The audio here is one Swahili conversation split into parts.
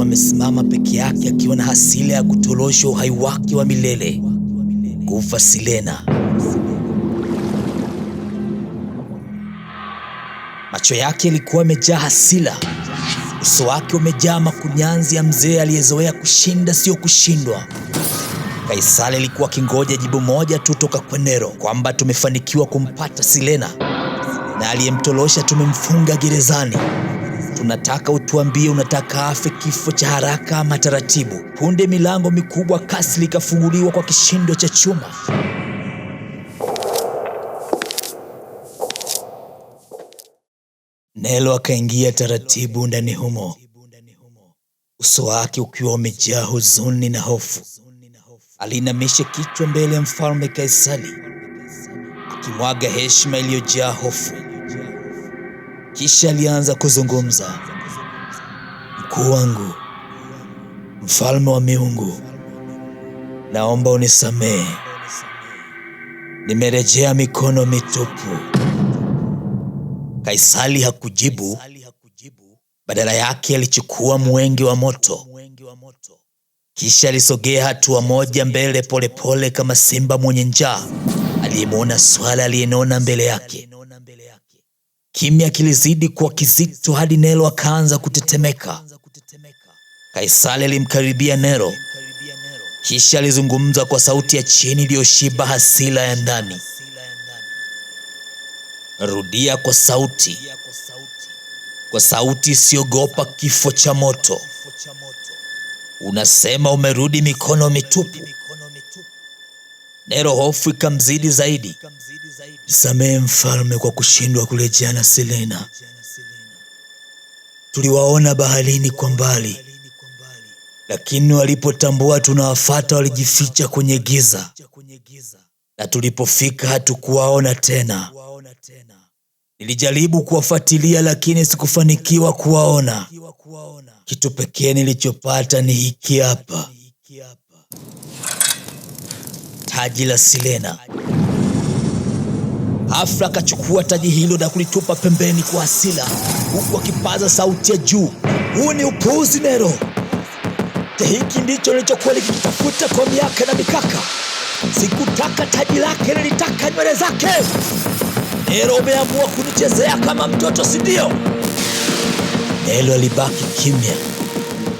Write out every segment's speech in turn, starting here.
akiwa amesimama peke yake akiwa na hasira ya kutolosha uhai wake wa milele, kufa Silena. Macho yake yalikuwa yamejaa hasira, uso wake umejaa makunyanzi ya mzee aliyezoea kushinda sio kushindwa. Kaisari alikuwa akingoja jibu moja tu toka kwa Nero, kwamba tumefanikiwa kumpata Silena na aliyemtolosha tumemfunga gerezani tunataka utuambie unataka afe kifo cha haraka ama taratibu. Punde milango mikubwa kasri ikafunguliwa kwa kishindo cha chuma. Nelo akaingia taratibu ndani humo, uso wake ukiwa umejaa huzuni na hofu. Aliinamisha kichwa mbele ya mfalme kaisali akimwaga heshima iliyojaa hofu. Kisha alianza kuzungumza, mkuu wangu, mfalme wa miungu, naomba unisamehe, nimerejea mikono mitupu. kaisali hakujibu, badala yake alichukua mwengi wa moto, kisha alisogea hatua moja mbele polepole, pole kama simba mwenye njaa aliyemwona swala aliyenona mbele yake. Kimya kilizidi kuwa kizito hadi Nero akaanza kutetemeka. Kaisari alimkaribia Nero, kisha alizungumza kwa sauti ya chini iliyoshiba hasira ya ndani. Rudia kwa sauti, kwa sauti isiyogopa kifo cha moto. Unasema umerudi mikono mitupu? Nero, hofu ikamzidi zaidi. Samehe mfalme kwa kushindwa kurejea na Selena. Tuliwaona baharini kwa mbali, lakini walipotambua tunawafata walijificha kwenye giza, na tulipofika hatukuwaona tena. Nilijaribu kuwafuatilia lakini sikufanikiwa kuwaona. Kitu pekee nilichopata ni hiki hapa, taji la Selena. Afra akachukua taji hilo na kulitupa pembeni kwa hasira, huku akipaza sauti ya juu, huu ni upuuzi Nero! Hiki ndicho nilichokuwa kikitafuta kwa miaka na mikaka. Sikutaka taji lake, nilitaka nywele zake. Nero, umeamua kunichezea kama mtoto, si ndio? Nero alibaki kimya,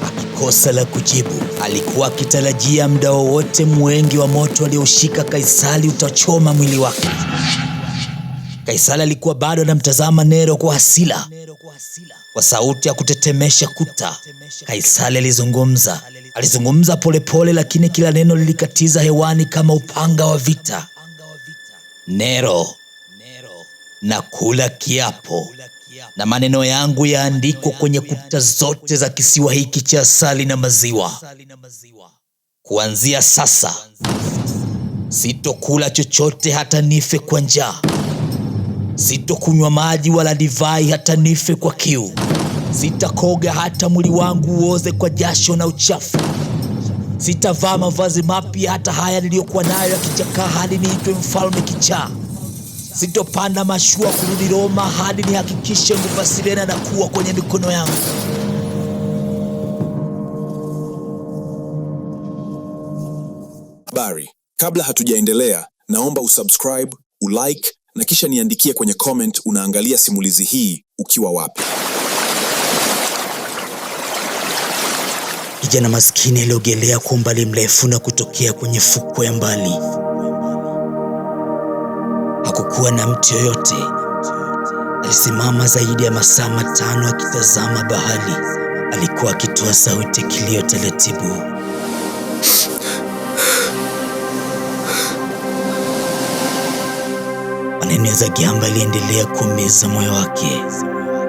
akikosa la kujibu. Alikuwa akitarajia muda wowote mwengi wa moto alioshika Kaisari utachoma mwili wake. Kaisari alikuwa bado anamtazama Nero kwa hasira. Kwa sauti ya kutetemesha kuta, Kaisari alizungumza. Alizungumza polepole pole, lakini kila neno lilikatiza hewani kama upanga wa vita. Nero, na kula kiapo na maneno yangu yaandikwa kwenye kuta zote za kisiwa hiki cha asali na maziwa. Kuanzia sasa sitokula chochote hata nife kwa njaa. Sitokunywa maji wala divai hata nife kwa kiu. Sitakoga hata mwili wangu uoze kwa jasho na uchafu. Sitavaa mavazi mapya hata haya niliyokuwa nayo yakichakaa, hadi niitwe mfalme kichaa. Sitopanda mashua kurudi Roma hadi nihakikishe nguva Sirena na kuwa kwenye mikono yangu. Habari. Kabla hatujaendelea, naomba usubscribe, ulike na kisha niandikie kwenye comment unaangalia simulizi hii ukiwa wapi. Kijana maskini aliogelea kwa umbali mrefu na kutokea kwenye fukwe ya mbali. Hakukuwa na mtu yoyote. Alisimama zaidi ya masaa matano akitazama bahari. Alikuwa akitoa sauti kilio taratibu Maneno ya Zakhiyamba aliendelea kumeza moyo wake,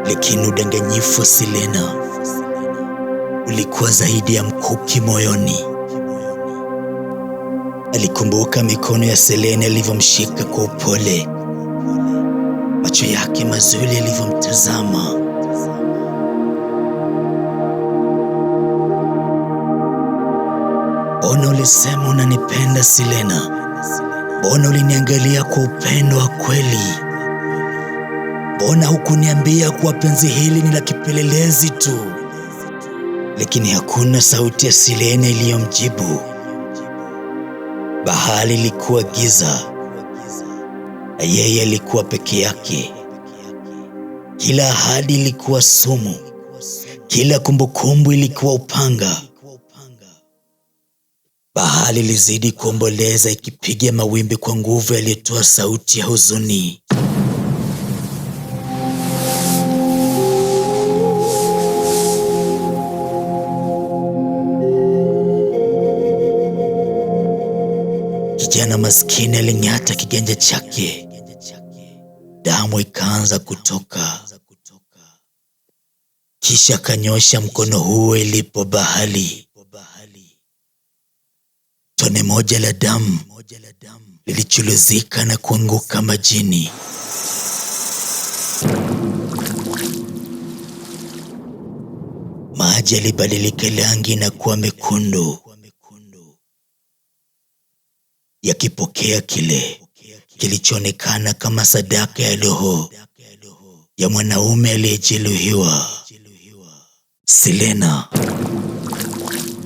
lakini udanganyifu wa Selena ulikuwa zaidi ya mkuki moyoni. Alikumbuka mikono ya Selena ilivyomshika kwa upole, macho yake mazuri yalivyomtazama. Ona, ulisema unanipenda silena Mbona uliniangalia kwa upendo wa kweli? Mbona hukuniambia kuwa penzi hili ni la kipelelezi tu? Lakini hakuna sauti ya silene iliyomjibu. Bahari ilikuwa giza na yeye alikuwa peke yake. Kila ahadi ilikuwa sumu, kila kumbukumbu ilikuwa upanga. Bahari ilizidi kuomboleza ikipiga mawimbi kwa nguvu yaliyotoa sauti ya huzuni. Kijana maskini aling'ata kiganja chake, damu ikaanza kutoka, kisha akanyosha mkono huo ilipo bahari Tone moja la damu lilichuluzika na kuanguka majini. Maji yalibadilika rangi na kuwa mekundu, yakipokea kile kilichoonekana kama sadaka ya roho ya mwanaume aliyejeruhiwa Selena.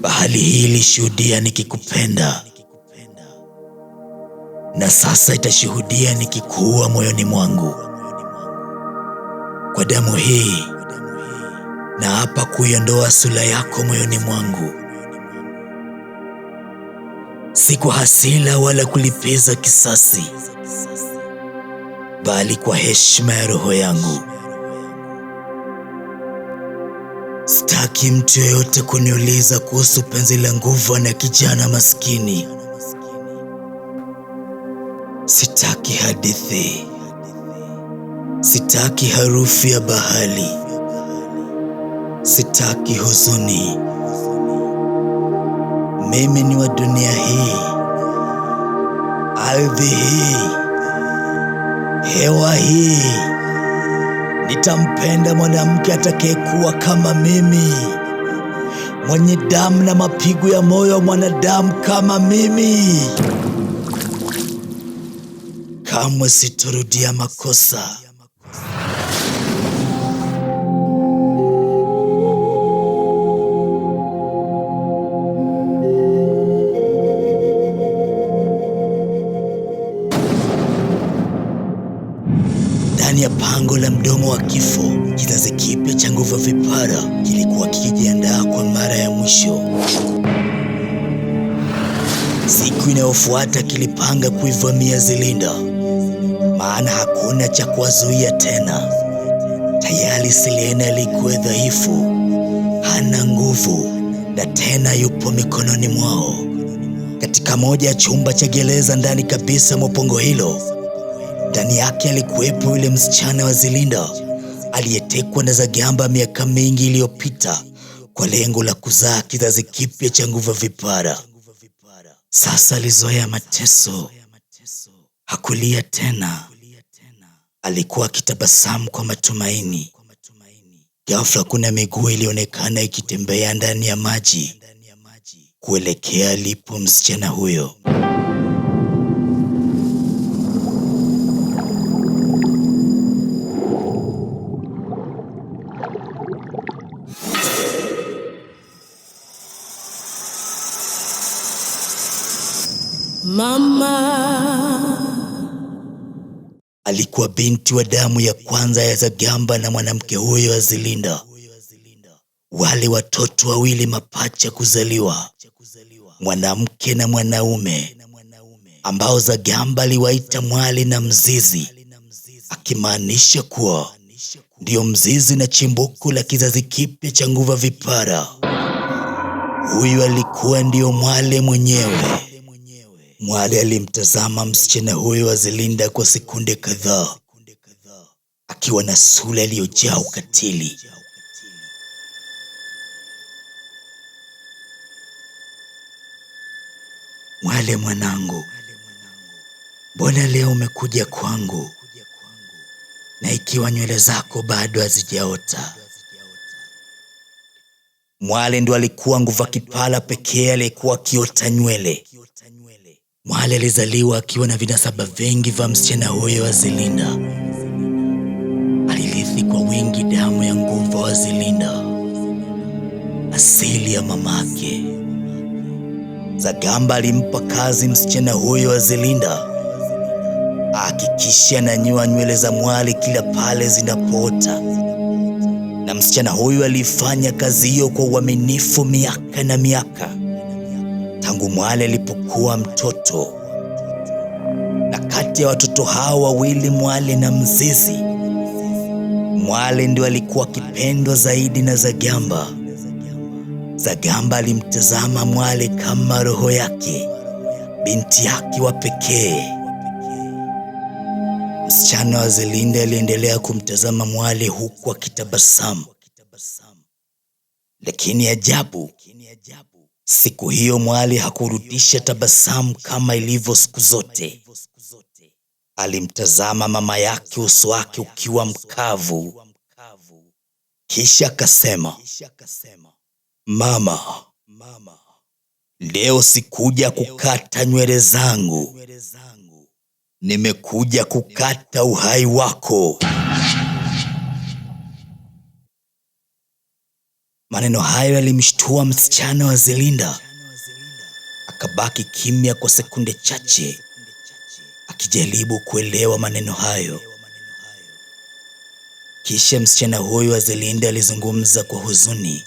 Bahali hii ilishuhudia nikikupenda na sasa itashuhudia nikikuua moyoni mwangu. Kwa damu hii na hapa kuiondoa sura yako moyoni mwangu, si kwa hasira wala kulipiza kisasi, bali kwa heshima ya roho yangu. Sitaki mtu yoyote kuniuliza kuhusu penzi la nguvu na kijana maskini. Sitaki hadithi, sitaki harufu ya bahari, sitaki huzuni. Mimi ni wa dunia hii, ardhi hii, hewa hii. Nitampenda mwanamke atakayekuwa kama mimi, mwenye damu na mapigo ya moyo wa mwanadamu kama mimi. Kamwe sitorudia makosa. maabara kilikuwa kikijiandaa kwa mara ya mwisho. Siku inayofuata kilipanga kuivamia Zilinda, maana hakuna cha kuwazuia tena. Tayari Selena alikuwa dhaifu, hana nguvu na tena yupo mikononi mwao. Katika moja ya chumba cha gereza ndani kabisa mwa pongo hilo, ndani yake alikuwepo yule msichana wa Zilinda aliyetekwa na zagamba miaka mingi iliyopita kwa lengo la kuzaa kizazi kipya cha nguva vipara. Sasa alizoea mateso, hakulia tena, alikuwa akitabasamu kwa matumaini. Ghafla kuna miguu ilionekana ikitembea ndani ya maji kuelekea alipo msichana huyo. alikuwa binti wa damu ya kwanza ya Zagamba na mwanamke huyo wa Zilinda, wale watoto wawili mapacha kuzaliwa, mwanamke na mwanaume, ambao Zagamba aliwaita mwali na mzizi, akimaanisha kuwa ndiyo mzizi na chimbuko la kizazi kipya cha nguva vipara. Huyu alikuwa ndiyo mwale mwenyewe mwale alimtazama msichana huyo wa Zelinda kwa sekunde kadhaa, akiwa na sura iliyojaa ukatili. Mwale mwanangu, mbona leo umekuja kwangu na ikiwa nywele zako bado hazijaota? Mwale ndo alikuwa nguva kipala pekee aliyekuwa akiota nywele Mwale alizaliwa akiwa na vinasaba vingi vya msichana huyo wa Zilinda. Alirithi kwa wingi damu ya nguvu wa Zilinda, asili ya mamake. Zagamba alimpa kazi msichana huyo wa Zilinda, ahakikishe ananyoa nywele za Mwale kila pale zinapoota, na msichana huyo alifanya kazi hiyo kwa uaminifu miaka na miaka tangu Mwale alipokuwa mtoto, na kati ya watoto hao wawili, Mwale na Mzizi, Mwale ndio alikuwa akipendwa zaidi na Zagamba. Zagamba alimtazama Mwale kama roho yake, binti yake wa pekee. Msichana wa Zelinde aliendelea kumtazama Mwale huku akitabasamu, lakini ajabu Siku hiyo Mwali hakurudisha tabasamu kama ilivyo siku zote. Alimtazama mama yake, uso wake ukiwa mkavu, kisha akasema, mama, leo sikuja kukata nywele zangu, nimekuja kukata uhai wako. Maneno hayo yalimshtua msichana wa Zelinda. Akabaki kimya kwa sekunde chache akijaribu kuelewa maneno hayo. Kisha msichana huyo wa Zelinda alizungumza kwa huzuni,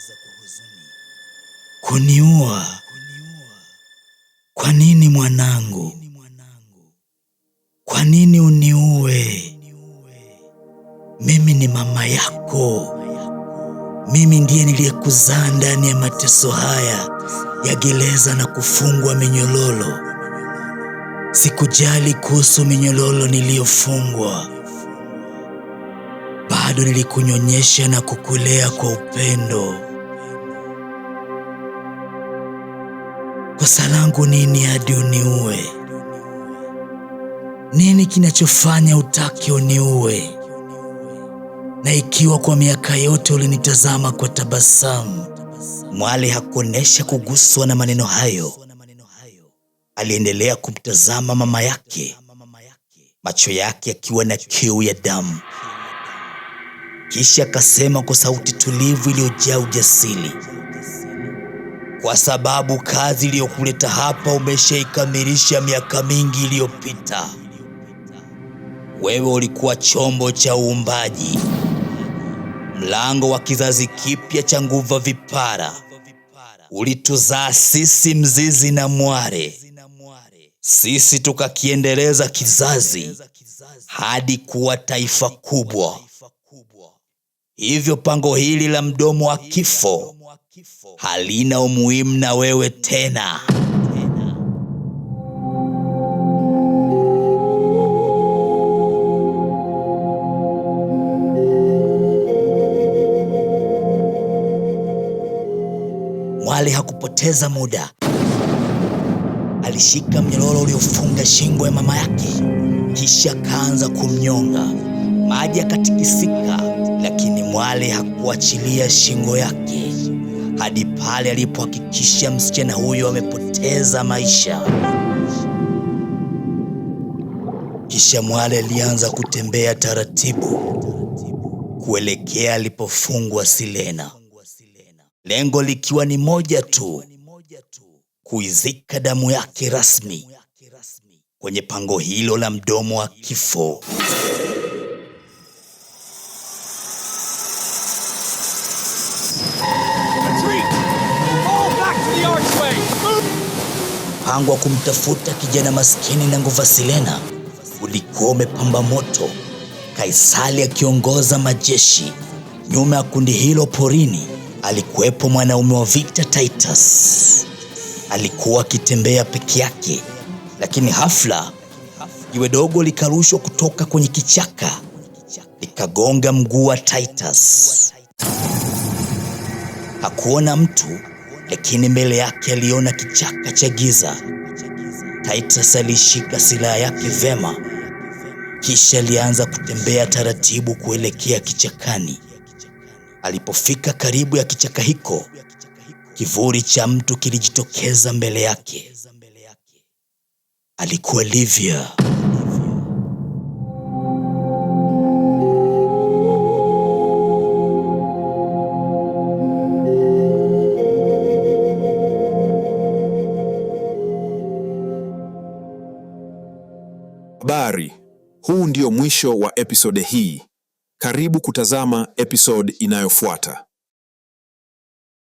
kuniua? Kwa nini mwanangu? Kwa nini uniue? Mimi ni mama yako. Mimi ndiye niliyekuzaa ndani ya mateso haya ya gereza na kufungwa minyololo Sikujali kuhusu minyololo niliyofungwa, bado nilikunyonyesha na kukulea kwa upendo. Kosa langu nini hadi uniue? Nini kinachofanya utake uniue? na ikiwa kwa miaka yote ulinitazama kwa tabasamu. Mwale hakuonesha kuguswa na maneno hayo, aliendelea kumtazama mama yake, macho yake akiwa na kiu ya damu. Kisha akasema kwa sauti tulivu iliyojaa ujasiri, kwa sababu kazi iliyokuleta hapa umeshaikamilisha miaka mingi iliyopita. Wewe ulikuwa chombo cha uumbaji. Mlango wa kizazi kipya cha nguva vipara ulituzaa sisi mzizi na mware, sisi tukakiendeleza kizazi hadi kuwa taifa kubwa. Hivyo pango hili la mdomo wa kifo halina umuhimu na wewe tena. Bali hakupoteza muda, alishika mnyororo uliofunga shingo ya mama yake, kisha akaanza kumnyonga. Maji akatikisika lakini Mwale hakuachilia shingo yake hadi pale alipohakikisha msichana huyo amepoteza maisha. Kisha Mwale alianza kutembea taratibu kuelekea alipofungwa Silena lengo likiwa ni moja tu, kuizika damu yake rasmi kwenye pango hilo la mdomo wa kifo. Mpango wa kumtafuta kijana maskini na nguva Silena ulikuwa umepamba moto, Kaisali akiongoza majeshi nyuma ya kundi hilo porini alikuwepo mwanaume wa Victor Titus. Alikuwa akitembea peke yake, lakini hafla jiwe dogo likarushwa kutoka kwenye kichaka likagonga mguu wa Titus. Hakuona mtu, lakini mbele yake aliona kichaka cha giza. Titus alishika silaha yake vema, kisha alianza kutembea taratibu kuelekea kichakani. Alipofika karibu ya kichaka hiko, kivuli cha mtu kilijitokeza mbele yake. Alikuwa Livia. Habari. Huu ndio mwisho wa episode hii. Karibu kutazama episode inayofuata.